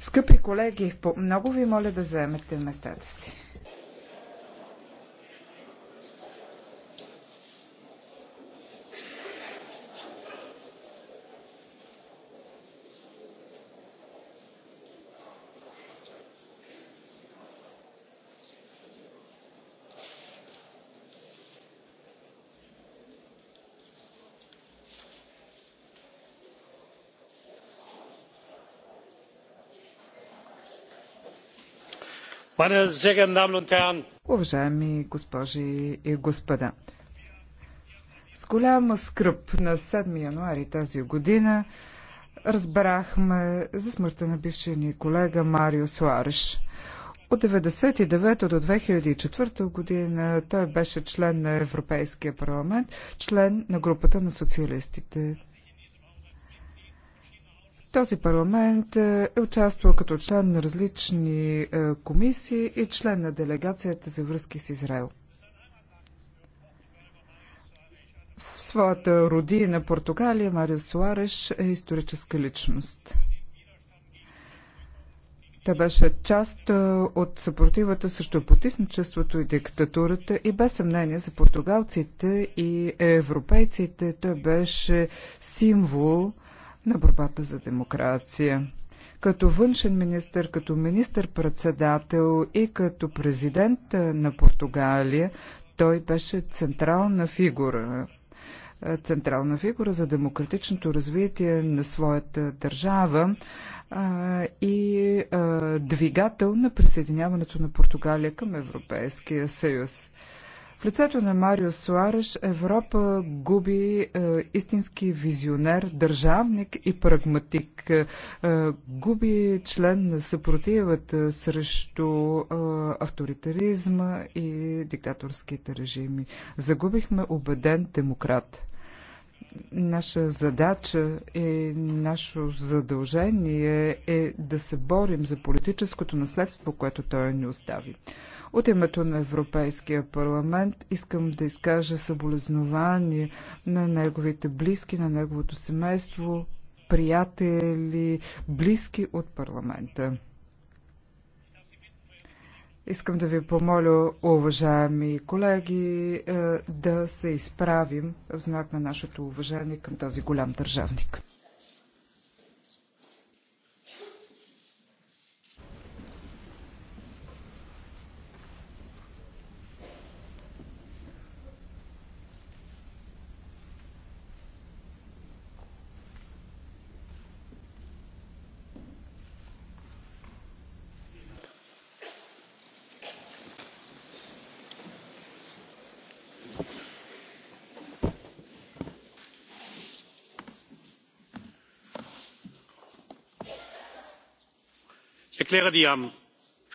Скъпи колеги, много ви моля да заемете местата си. Уважаеми госпожи и господа, с голяма скръп на 7 януари тази година разбрахме за смъртта на бившия ни колега Марио Суареш. От 1999 до 2004 година той беше член на Европейския парламент, член на групата на социалистите. Този парламент е, е участвал като член на различни е, комисии и член на делегацията за връзки с Израел. В своята родина Португалия Марио Суареш е историческа личност. Тя беше част е, от съпротивата срещу потисничеството и диктатурата и без съмнение за португалците и европейците той беше символ на борбата за демокрация. Като външен министр, като министр-председател и като президент на Португалия, той беше централна фигура централна фигура за демократичното развитие на своята държава и двигател на присъединяването на Португалия към Европейския съюз. В лицето на Марио Суареш Европа губи е, истински визионер, държавник и прагматик. Е, е губи член на съпротивата срещу е, авторитаризма и диктаторските режими. Загубихме убеден демократ. Наша задача и наше задължение е да се борим за политическото наследство, което той ни остави. От името на Европейския парламент искам да изкажа съболезнование на неговите близки, на неговото семейство, приятели, близки от парламента. Искам да ви помоля, уважаеми колеги, е, да се изправим в знак на нашето уважение към този голям държавник. ich erkläre die.